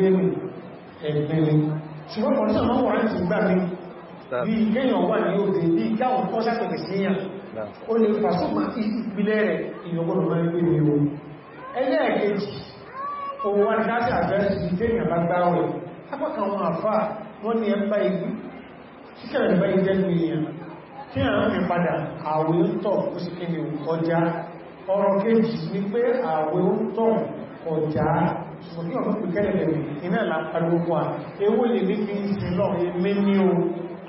lérí ẹgbẹ̀rẹ̀ ṣùgbọ́n kọ̀lọ́sà máa wọ́n ti gbà mí bí kéèyàn wà ní òde bí káwọn kọ́ sàtẹ̀kẹ̀ síyàn ó lè fàṣọ́mà ìpìlẹ̀ rẹ̀ ìyọgbọ́nà máa ń gbé ní ohun ẹlẹ́ẹ̀kejì ohun wá ní láti àbẹ́sì kéèyàn bá gbá rẹ̀ apákan wọn àfà wọ́n ní ẹmbá igbí síkẹ̀rẹ̀ bá ìjẹ́ ní èèyàn kí àwọn rìn padà àwẹ̀ ń tọ̀ ó sì kéèyàn ọjà ọ̀rọ̀ kejì ní pé àwẹ̀ ń tọ̀ ọjà òbí ọ̀rọ̀ pè kẹ́lẹ̀ lẹ̀ iná àlàpàdé wa ewó lè ní fi ń sin lọ èmé ní o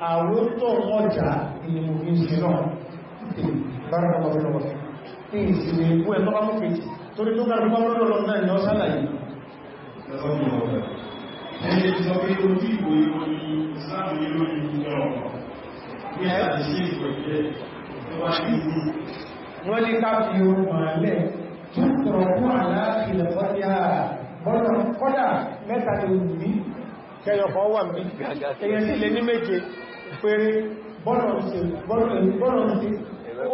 àwótọ́ ọjà ìlú fi ń sin lọ bára ọlọ́wọ́ ní ìsinmi ewu ẹ̀ tọ́lá mú kejì torí tó gbára lọ́lọ́lọ́ náà ni ọ sálàyé wọ́n ní ká fi orun àlẹ́ tó tọ̀rọ̀ fún àlàáfíà lọ́pọ̀ yáà kọ́dà mẹ́ta ni òbí kẹyọkọ̀ wà mí èyàn sí lè ní méje péré bọ́nà sí bọ́nà sí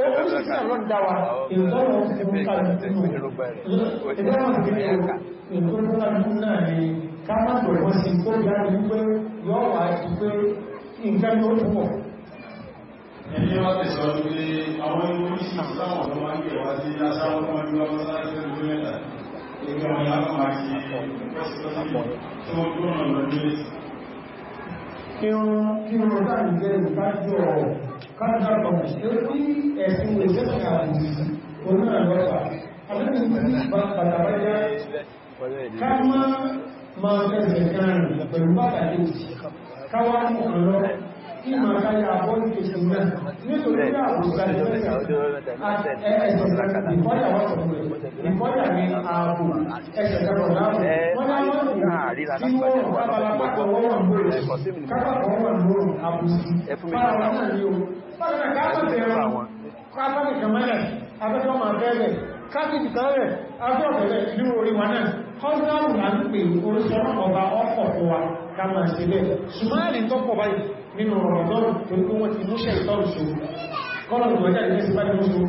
ó sì sí àwọn dáwà ìrọ̀lọ́rọ̀ sí mú kàrù nínú ìgbọ́nà sí ìrọ̀lọ́rọ̀ náà ni ká má tó wọ́n ní pé yọ́ wà ti pé ọmọ ìgbẹ̀wà aṣáwọn ọmọ ìgbẹ̀wà ètò ọ̀yá máa ṣe Irun kí o rọ̀ láì jẹ́ ìdájọ́ kájàpọ̀ ṣe rí ẹ̀sìn ìjẹ́sìn àìsí onírànlọ́pà. Alẹ́ni tí bàtàbà jẹ́ ká máa máa fẹ́sẹ̀ kan pẹ̀lú bàtàkì káwàá mọ̀ lọ kí ma káyà bọ́ọ̀lù kèsùn náà nítorí àwọn ìgbàlẹ̀ ìkọ́yà ní ààbò ẹ̀ṣẹ̀kẹ́rọ̀ láàrín wọ́n láwọn ìrìn tí wọ́n bábára pàtàkọ́ wọn lóòrùn kápàkọ́ wọn lóòrùn àbúsí fáwọn náà ní o fáwọn káàkọ́ bẹ̀rẹ̀ wọn kápàkọ́ kàmẹ́lẹ̀ abẹ́tọ́ máa bẹ̀rẹ̀ káàkiri kàrẹ̀ abẹ́ọ̀bẹ̀rẹ̀ ìlú orí wa náà kọ́ ká máa ṣe bẹ́ẹ̀ ṣùgbọ́n tó pọ̀ báyìí nínú Ramadan tó kú wọ́n ti múṣẹ́ ìtọ́rù ṣe kọ́lọ̀mù ìwọ̀já ìgbẹ́ sí báyìí múṣù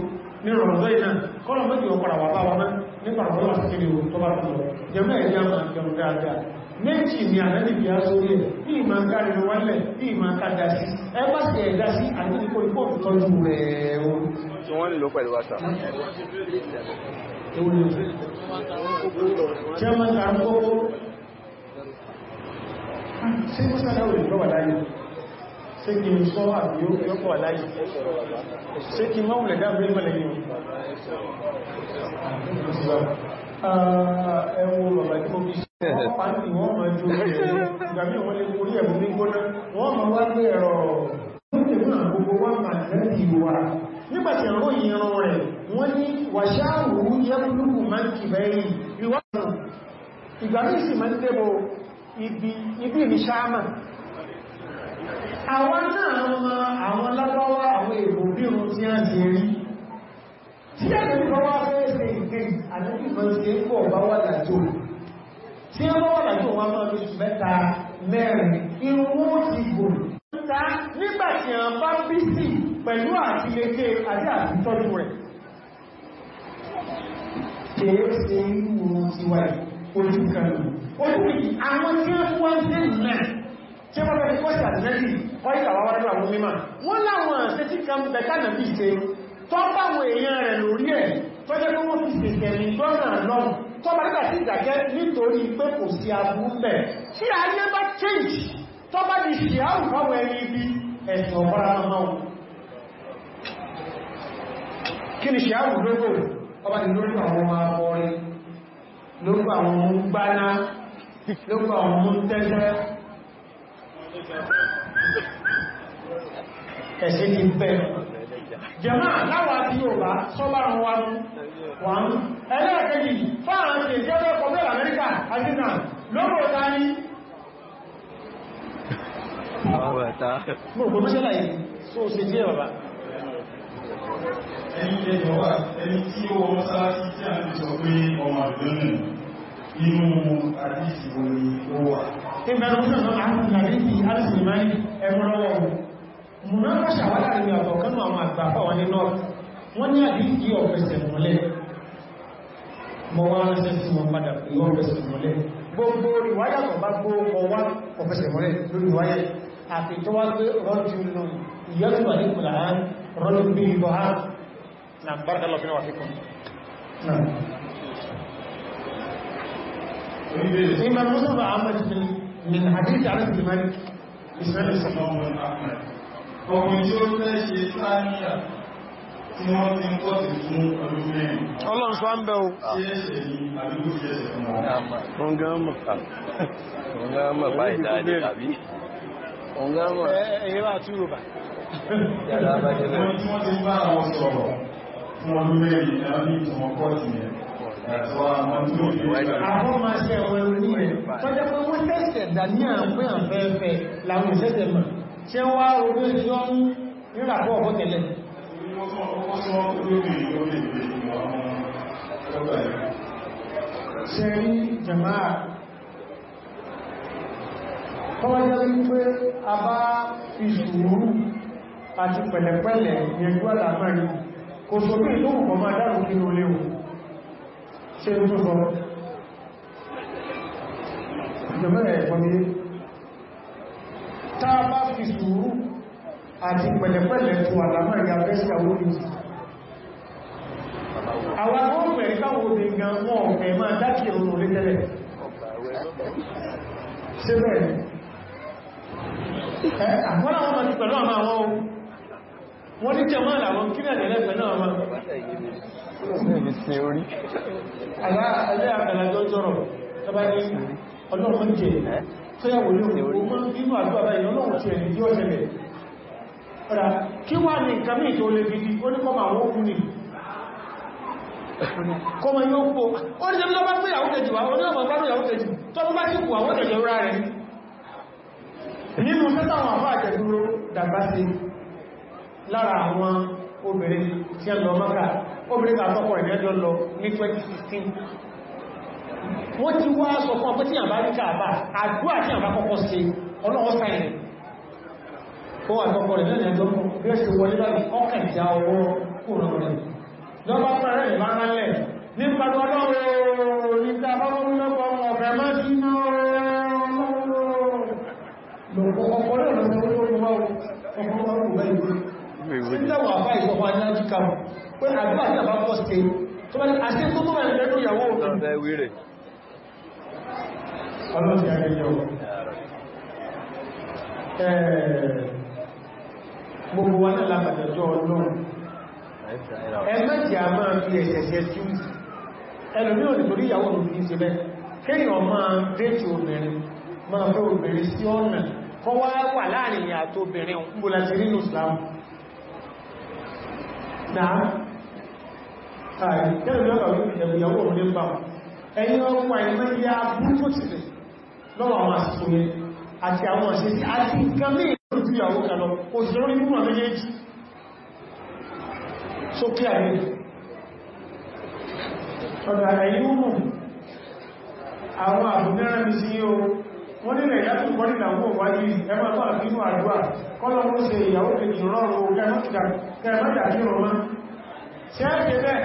nínú Ramadan náà kọ́lọ̀mù ìjọ padà wà bá wa mẹ́ nípa Ramadan àti kiri tó bá tó lọ jẹmọ́ ẹ̀yà máa jẹun dáadáa méjì ni àlẹ́lì bí a sórí ẹ̀ bí i máa kárí lọ wálẹ̀ bí i máa kájá sí ẹ bá sì ẹ̀dá sí àti ìkó ìpọ̀ ìtọ́jú rẹ̀ ohun tí wọ́n lò pẹ̀lú wáta tí wọ́n lò pẹ̀lú wáta ṣe kó sára òrì lọ́wà láyé ṣe kí n sọ àbí yóò pọ̀ láyé ṣe kí máa wùlẹ̀ dáa bẹ́ẹ̀ mẹ́lẹ̀ yìí ah, ẹwọ bàbá tí mo bí wọ́n pa ní wọ́n máa jó ìgbàmí wọ́n lè kórí ẹ̀bùn ní gbóná wọ́n máa wá gbé ẹ̀rọ nígbàtí àwọn ìran rẹ̀ wọ́n ní wàṣáàwò yẹ́kùnlùkù máa ń kìbẹ̀ẹ́yìn ìwọ́n ìgbàmí ìsìn máa ibi ibi ní ṣáàmà àwọn náà ma àwọn lábọ́wọ́ àwọn èbò bí ohun tí a ti rí tí ẹ̀rọ ní bọ́wọ́ fẹ́ ṣe ìgbé àdúgbì mọ́ sí ẹ̀kọ́ ọ̀bá wà dàjò tí ó wà dàjò wọn máa fi ṣù mẹ́ta mẹ́rin irunwó ti gbò ta nígbàtí àwọn bá orí àwọn tí wọ́n fún wọ́n sí náà tí wọ́n bẹ̀rẹ̀ kọ́sí àtìlẹ́lì ọ́ìkà wà wọ́n àwọn mímọ̀ wọ́n láwọn ṣe tí kan bẹ̀ká nà bí ṣe tọ́bàwọn èèyàn rẹ̀ lórí ẹ̀ tọ́jẹ́ pé wọ́n fi ṣèṣẹ̀ ní gbọ́nà lọ́n tọ́bà nígbà sí ìdàjẹ́ nítorí pé kò sí aburú bẹ̀ tí a yẹ́ bá change tọ́bà di ṣe àwùkáwọ̀ ẹni ibi ẹ̀sìn ọ̀bára máa kí ni ṣe àwùdógó ọba ni lórúkọ àwọn ọmọ akọrin lórúkọ àwọn ọmọ ń lópa ọmọ tẹ́lẹ̀ ẹ̀ṣẹ́ ti pẹ́ jẹ́mà láwà tí yóò bá sọ́bà wọn wá wọn ẹlẹ́ẹ̀kẹ́jì fáàrán ti jẹ́lẹ́ pọ̀bẹ́ Amẹ́ríkà àdínà lọ́pọ̀ ta ní àwọn ẹ̀ta mọ̀ mọ́ṣẹ́lá yìí só ṣe jẹ́ bàbá ẹni tí ó wọ́n sára sí tí a ti sọ pé ọmọ àdínà inú àdíṣì orí owó wọ́n ní àdíkí ọ̀fẹ́sẹ̀ mọ́lẹ̀ mọ́ wá ránṣẹ́ sí wọn padà pé ọ̀fẹ́sẹ̀ mọ́lẹ̀ gbogbo ìwáyà tó bá gbó ọwá ọ̀fẹ́sẹ̀ mọ́lẹ̀ lórí ìwáyà àti tó wá pé rọ́jú lọ ìyọ́tùwà ní kùlà rọ́jú bí ibọ̀ إمام مصطفى عمد من من حديث على ابن مالك إسماعيل الصحابة أحمد وكنت أقول شيء ثانية Ọlọ́run sọ ń bẹ̀ o. Wọ́n gán mọ̀. Wọ́n gán mọ̀ báyìí dáadé tàbí. Wọ́n gán mọ̀. Ẹ̀yẹ́ bá túrò bá. Yàrá bá jẹ́ bẹ́ẹ̀. Wọ́n tí wọ́n ti bá àwọn sọ̀rọ̀ fún ọdún mẹ́rin ní àwọn ìtàn ọkọ̀ ìtìyàn àwọn máa ṣe ọ̀rọ̀ ní rẹ̀ tọ́jẹ́ pé wọ́n tẹ́sẹ̀ dà ní àpẹ́ àfẹ́ẹ̀fẹ́ láwọn ìṣẹ́sẹ̀ mọ̀ ṣe wá orí ìjọ ń ríràpọ̀ ọ̀pọ̀ tẹ́lẹ̀ ṣe rí jama'a kọ́wọ́jẹ́ wípé a bá fi sùúrù àti pẹ̀lẹ̀pẹ̀lẹ̀ yẹn gbọ́lá mẹ́rin kò sókè tó kọ̀ máa dárò kí ló léwu ṣe ń dúkọ ìjọmẹ́rẹ̀ ẹ̀kọ́ni tá a bá fi sùúrù àti pẹ̀lẹ̀pẹ̀lẹ̀ tó àlàmà ìyà fẹ́síkà orí àwọn ọmọ ẹ̀ká orí gan wọn ọ̀fẹ́ máa dákì ọ̀rọ̀ orí tẹ́lẹ̀ ṣe bẹ́ẹ̀ àwọn àwọn ọmọ ní pẹ̀lú àmà wọn wọ́n ní jẹ́ máa làwọn kí ọlọ́run jẹ́ fẹ́yàwó lórí ọmọ nínú àdúwà báyìí ọlọ́run tí ẹni tí ó ṣẹlẹ̀ ọ̀dá kí wà ní nǹkan mí tó lè bíbí ó ní kọmọ àwọn òkú ni kọmọ yóò pò ó ní ṣe bá fẹ́yàwó kejì wà onílọ́mọ̀ bá fẹ́yàwó kejì tó bá sí kù àwọn ẹ̀yẹ rá rẹ̀ nínú sẹ́tàwọn àfáà jẹ́dúró dàgbà sí lára àwọn obìnrin tí ẹ lọ mọ́kà obìnrin àtọ́kọ̀ rẹ̀ mẹ́jọ lọ ní 2016 wọ́n ti wá sọ fún ọpẹ́ tí àbá rí káàbá àdúrà tí àbá kọ́kọ́ sí ọlọ́wọ́ sáyẹn ó wà tọ́kọ̀ rẹ̀ mẹ́rin ẹjọ́ fún bí ó ṣe wọlé láti ọkàn ìjà owó kúrò rẹ̀ lọ́bá pẹ̀rẹ̀ ìbá ránlẹ̀ ní pàdé ọlọ́wọ́ ní tàbá mọ́mọ́lọ́pọ̀ ọ̀rẹ́ mọ́ sínú ọlọ́wọ́ pé àgbà tí àbá pọ̀ sí tó bá ní àṣẹ tó mọ́ ẹ̀rẹ́ lẹ́nu ìyàwó gbogbo wa náà lápàtàjọ́ ọlọ́run ẹgbẹ́jì a máa fi ẹ̀ṣẹ̀ṣẹ̀ tí ó ẹlòmí ò nítorí ìyàwó òun ní ṣe bẹ́ kéèyàn máa déètì obìnrin máa fẹ́ obìnrin sí ọ̀nà kọ́ wá wà láàrin ìyà àtóbìnrin ń bó láti rí ní náà tààrí tẹ́lẹ̀ lọ́wọ́ àwọn ìpìlẹ̀ ìyàwó òun ní bá ẹ̀yìn ọkùn àìmọ́ ya búrúkú sí rẹ̀ lọ́wọ́ àwọn àsìkò yẹn àti àwọn àṣẹ́sí àti nǹkan mí ìrìnjú ìyàwó kalọ òṣèrò ní múnà méjèèjì so kí àrí ọ̀dọ̀ àyíwò àwọn àbúgbẹ́rẹ́ mi sí yóò wọ́n nílẹ̀ ìyàtọ̀ kọ́lì làwọn òwáyé ẹmà tó àbínú àdúwà kọ́lọ̀ ó ṣe ìyàwó kejì rọrùn ogẹ́ mọ́kìdà kẹrẹmọ́dà kí rọrùn ṣẹ́ẹ̀kẹ́ bẹ́ẹ̀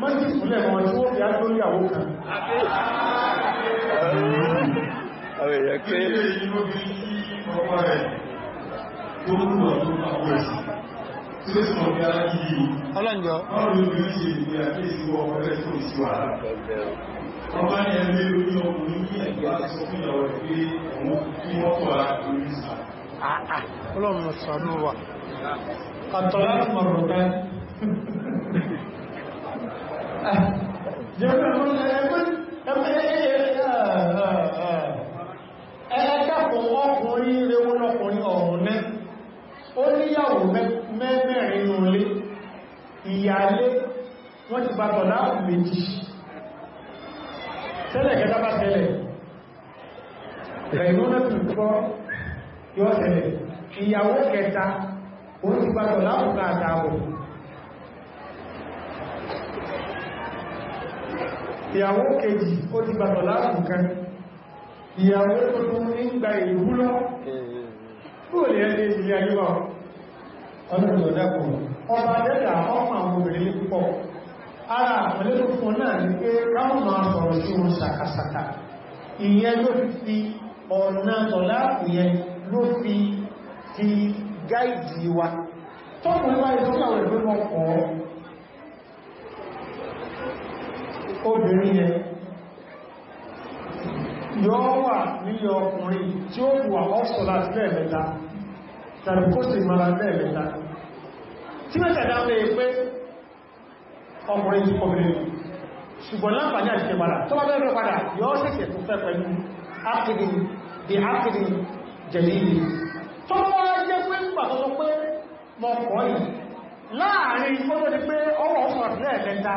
mọ́sí ìpínlẹ̀ wọn tí ó fi á lórí àwọn kan àwọn èèyàn pé ọmọ rẹ̀ tó ń bọ̀ tó àwọn ẹ̀sìn tí ó sì mọ̀ bí ara kí ọlọ́njọ́ ọlọ́rùn bí ṣe ìgbé àkéṣì ọmọ rẹ̀ tó sí wà ọmọ ni ẹgbẹ́ orí ọkùnrin ní ẹgbẹ́ àti ọkùnrin ọ̀rẹ́ pé òun kí wọ́n kọ́ ara kí orí sà ọlọ́run sàánú wà àtọ́lá mọ̀rọ̀ ẹ̀ẹ́dẹ́kùn ọkùnrin ilé wọn lọ́kùnrin ọ̀rùn náà ó níyàwó mẹ́mẹ́rin olé ìyálé wọ́n ti bá tọ̀lá méjì tẹ́lẹ̀ kẹta bá tẹ́lẹ̀ rẹ̀gbọ́n tó kọ́ yọ́ tẹ́lẹ̀ ìyàwó kẹta ó ti bá tọ̀lá ìyàwó kejì ó ti gbàtọ̀ láàrùnkan ìyàwó tó tún ní gba ìlú lọ fún olè ẹgbẹ́ ilé ayúwà ọdún ọ̀dẹ́kùn ọba dẹ́dà ọmọ àwọn obìnrin púpọ̀ ara àpẹẹlẹ́ fún náà ní pé ráhùn máa sọ̀rọ̀ sí wọn sàkàsàkà ìyẹn ló fi ọ̀nà tọ̀lá ìyẹn ló fi ti gáìdì wa tọ́kùnrin wáyé tó kàwẹ̀ ló mọ́kọ̀ọ́ obìnrin yẹn yóò wà nílé ọkùnrin tí ó wà ọ́sọ̀ láti lẹ́ẹ̀mẹ́ta tàbí kó sì mara lẹ́ẹ̀mẹ́ta tí mẹ́tẹ̀dá pé pé ọkùnrin ti kọbìnrin ṣùgbọ́n láǹfàní àti padà tó bá bẹ́ẹ̀rẹ̀ padà yóò sẹ̀sẹ̀ tó fẹ́ pẹ̀lú ápìdìn di ápìdìn jẹ̀lìlì tó wá jẹ́ pé nígbà tó pé mọ̀kọ́ yìí láàrin fọ́tọ̀ ni pé ọwọ́ ọ̀sọ̀ lẹ́ẹ̀mẹ́ta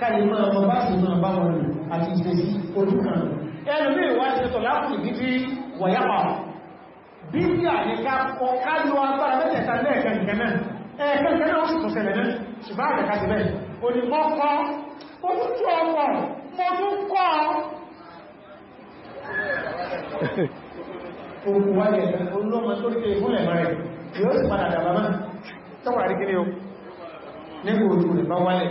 káyí máa mọ bá sí máa bá wọn rìn àti ìgbè sí ojú kan ẹnu mí wá ti tọ̀ lápùn ìdíjí wọ̀yápa bíbí àyíká kọ káyọ agbára mẹ́tẹ̀ẹ̀ta lẹ́ẹ̀kẹ́kẹ́ náà ẹ̀ẹ́kẹ́kẹ́ náà ó sì tún ṣẹlẹ̀ náà ṣùgbọ́n àgbẹ̀ká ti bẹ́ẹ̀ onímọ́kọ́ ojútú ọmọ mọ́túnkọ́ ogun wáyẹ̀ olóòmọ tó ríkẹ́ ìfún ẹ̀mọ́ rẹ̀ yóò sì padà dàbàmá tọ́wà rí kí ní o nígbò ojú rẹ̀ bá wálẹ̀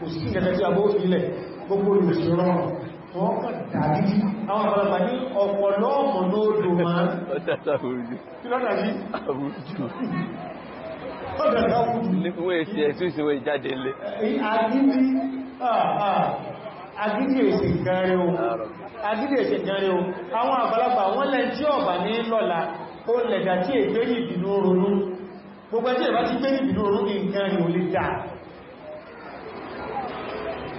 kò sí ìrẹ́lẹ́ tí a bó fílẹ̀ gbogbo olùsọ́rọ̀ wọ́n kàn dàbí àwọn ọ̀pọ̀lọpàá ní ọ̀pọ̀lọ́ ọmọ lóòdó máa agídí èsì gẹ̀rẹ̀ o agídí èsì gẹ̀rẹ̀ o àwọn àgbàlagbà wọ́n lẹ tí ọ̀bà ní lọ́la ó lẹ̀dà tí ègbé ìbìnú oòrùn gbogbo ẹjẹ́ ìbá ti gbé ìbìnú oòrùn ní nǹkan rí o lè dáa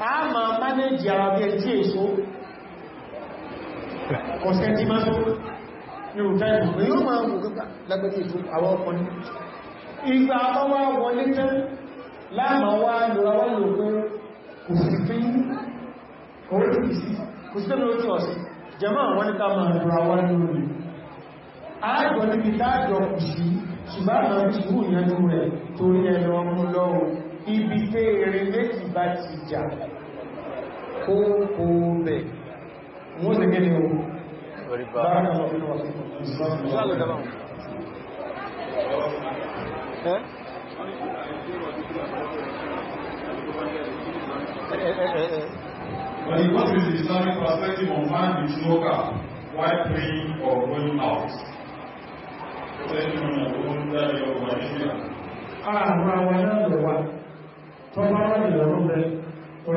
a ma mánéjì àwọn bí ẹn tí èso ọ̀sẹ̀ tí máa tó ní òjá ìgbìmọ̀ yóò máa wù wa lágbẹ́gbẹ́ ètò àwọn ọkọ̀ ní ìgbà àbáwá wọlé tán láàmàwá lòràwá lòpin kò sí fín kò sí tẹ́lẹ̀ ojú ọ̀sẹ̀ jẹmọ́ àwọn nípa máa ṣùgbọ́n àwọn rẹ̀ tó ibi tẹ́ èrè méjì bá ti jà kó bẹ̀ wọ́n sì gẹ́lẹ̀ o But he was with the Islamic perspective on man with no cap while praying or going out. Thank you, Mr. Àwọn àwọn aláàrẹ̀ wa tó bá wà ní ọ̀rọ̀ rẹ̀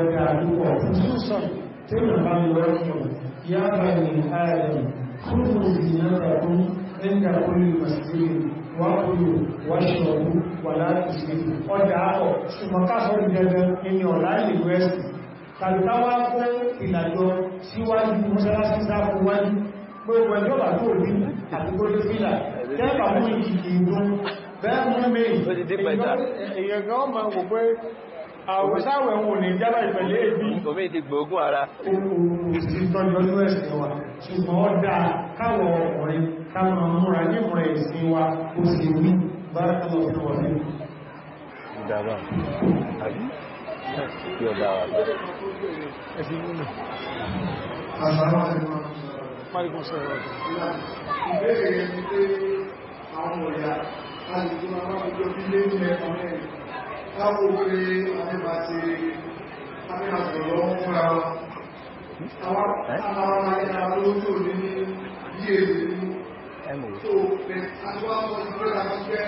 ọ̀dà àdúgbò fúnṣùsàn tí wọ́n bá ń lọ sọ yá bá ní ààrẹ fúnfún ìdínára fún ẹ̀ńdà orí màsílẹ̀ wà kúrò wà ṣọ̀rọ̀ wà láti ọjà àpọ̀ ṣùgbọ́n káṣọ́ ìdẹ́gbẹ́ ẹni ọ̀lá ìlú ẹ̀sìn tàbítáwá fún ìlàjọ síwájú mọ́sálásí sáàkú wájú gbogbo ẹjọ́bà tó rí àtúgbò lè fílà tẹ́bà mú ìjì ìgbó bẹ́ẹ̀ mú mẹ́rin èyàn gan ọmọ òpó àwọ̀sáwẹ̀ wọn ní jábà ìpẹ̀lẹ̀ èdè omi ti gbogbo ara ìtọ́jọ́lú ẹ̀sìn wa ṣùgbọ́n ó dáa káwọ̀ ọkùnrin káwọ̀ múra ní múra ẹ̀sìn wa ó sì wí bárakàlọ̀ fún wọlé ìdàbà àbí yóò dáa ẹ̀sìn múnà uh, Ìbéèrè ẹni pé àwọn òyà láti tó máa máa jọ bí lé ní ẹ̀kọ́ mẹ́rin láwọn orí àmìbàtí àmìbàtí ọlọ́run fúnra wọn àwọn àwọn àwọn olóòtú ní ní bí èrè mú tó pẹ̀ àtúwàsọ̀ ìgbẹ́ra ti jẹ́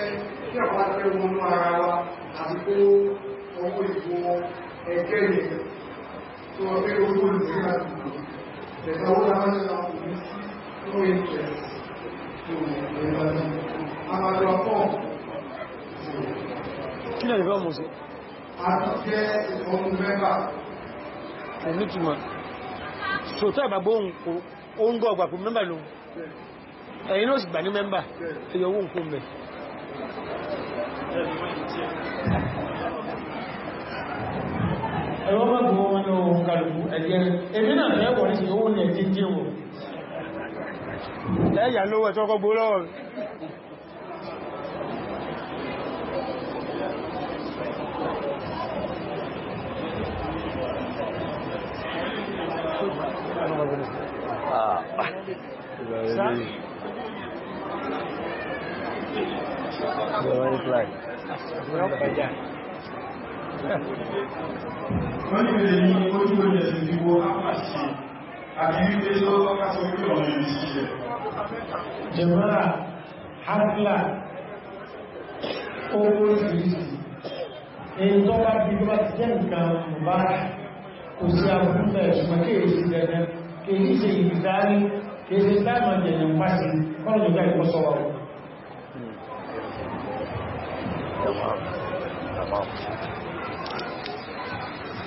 kí ọ̀pá jẹ́ wọnú ara wa àti kó ọmọ ìbò ẹgbẹ́ yẹn tó ọgbẹ́ owó ìgbẹ́ra ẹ̀sà owó láwọn ìlànà kò ní sí no interest to ìgbẹ́ra àwọn àjọ pọ̀ kí lẹ́yìn fẹ́ mú sí àtúnṣe ìfọ́nù mẹ́bà kò nítumọ̀ sòtọ́ ìgbàgbó oúnjẹ ọgbà fún mẹ́bà lóhun ẹ̀yìn náà sì gbà ní mẹ́bà ẹyọ owó nǹkan mẹ́ ẹ̀rọ bá gbọ́ wọn ní ohun kàlùkù ẹ̀jẹ́ ẹ̀mí náà fẹ́ wọ̀ ní sí owó ní ẹ̀jẹ́ jẹ́ wọn ẹ̀yà lówó ẹ̀tọ́kọ́ gbó lọ́wọ́ rẹ̀ Давай флаг. Wọ́n ní ìrìn ní ojú orí ẹ̀sìn tí wó apáṣì àti wípé Jẹ̀mọ́ra, Hafla, owó ìrìsì, èyí tó bá bí bá ti jẹ́ nǹkan mọ̀bára, kò sí àbúrúta ẹ̀ṣùgbọ́n kéèsì gẹ́gẹ́ kìí ṣe ìdárí kìí ṣe táìmà jẹ̀yàn pàṣẹ kọ́nà jọjá ìkọ́ sọ́wọ́ Thank